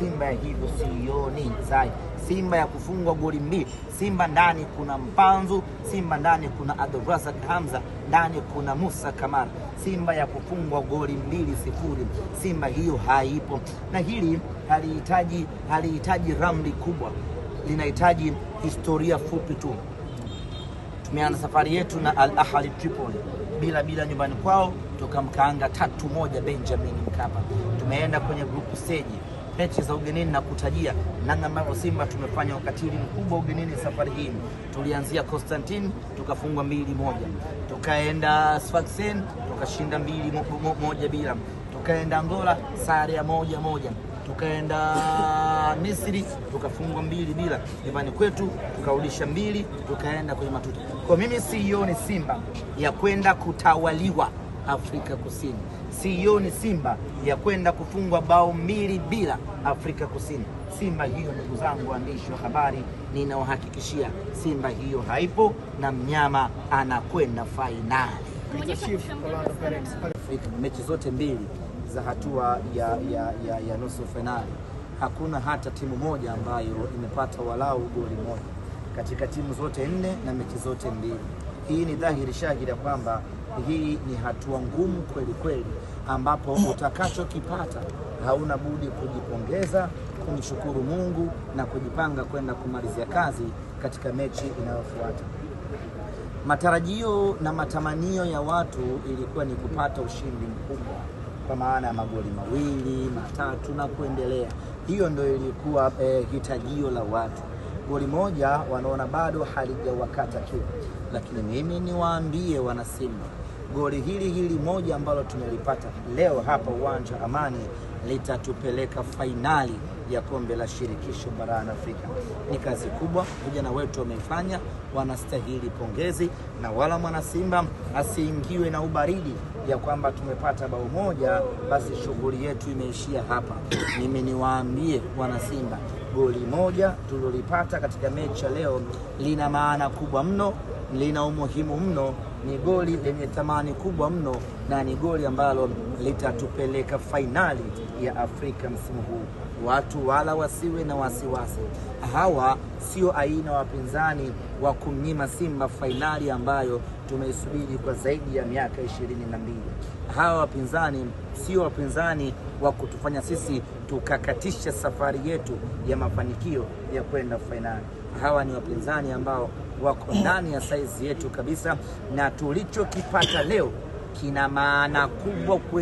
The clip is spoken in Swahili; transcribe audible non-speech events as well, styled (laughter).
Simba ya hivyo sioni sai. Simba ya kufungwa goli mbili. Simba ndani kuna Mpanzu, Simba ndani kuna Abdulrazak Hamza, ndani kuna Musa Kamara. Simba ya kufungwa goli mbili sifuri, Simba hiyo haipo, na hili halihitaji halihitaji ramli kubwa, linahitaji historia fupi tu. Tumeanza safari yetu na Al Ahli Tripoli bila bila nyumbani kwao, toka mkaanga tatu moja Benjamin Mkapa. Tumeenda kwenye grupu seji mechi za ugenini na kutajia namna ambavyo Simba tumefanya ukatili mkubwa ugenini safari hii. Tulianzia Constantine tukafungwa mbili moja, tukaenda Sfaxien tukashinda mbili mo, mo, moja bila, tukaenda Angola sare ya moja moja tukaenda (coughs) Misri tukafungwa mbili bila nyumbani kwetu, tukarudisha mbili, tukaenda kwenye matuta. Kwa mimi sioni Simba ya kwenda kutawaliwa Afrika Kusini. Sioni Simba ya kwenda kufungwa bao mbili bila Afrika Kusini. Simba hiyo, ndugu zangu waandishi wa habari, ninawahakikishia Simba hiyo haipo na mnyama anakwenda fainali. Mechi zote mbili za hatua ya, ya, ya, ya nusu fainali hakuna hata timu moja ambayo imepata walau goli moja katika timu zote nne na mechi zote mbili. Hii ni dhahiri shahiri ya kwamba hii ni hatua ngumu kweli kweli, ambapo utakachokipata hauna budi kujipongeza, kumshukuru Mungu na kujipanga kwenda kumalizia kazi katika mechi inayofuata. Matarajio na matamanio ya watu ilikuwa ni kupata ushindi mkubwa kwa maana ya magoli mawili matatu na kuendelea. Hiyo ndio ilikuwa eh, hitajio la watu goli moja, wanaona bado halijawakata kiu. Lakini mimi niwaambie wanasimba, goli hili hili moja ambalo tumelipata leo hapa uwanja Amani litatupeleka fainali ya kombe la shirikisho barani Afrika. Ni kazi kubwa, vijana wetu wameifanya, wanastahili pongezi, na wala mwanasimba asiingiwe na ubaridi ya kwamba tumepata bao moja basi shughuli yetu imeishia hapa. Mimi niwaambie wanasimba, goli moja tulilolipata katika mechi ya leo lina maana kubwa mno, lina umuhimu mno ni goli lenye thamani kubwa mno na ni goli ambalo litatupeleka fainali ya Afrika msimu huu. Watu wala wasiwe na wasiwasi, hawa sio aina wapinzani wa kumnyima Simba fainali ambayo tumeisubiri kwa zaidi ya miaka ishirini na mbili. Hawa wapinzani sio wapinzani wa kutufanya sisi tukakatisha safari yetu ya mafanikio ya kwenda fainali. Hawa ni wapinzani ambao wako ndani ya saizi yetu kabisa, na tulichokipata leo kina maana kubwa kwe.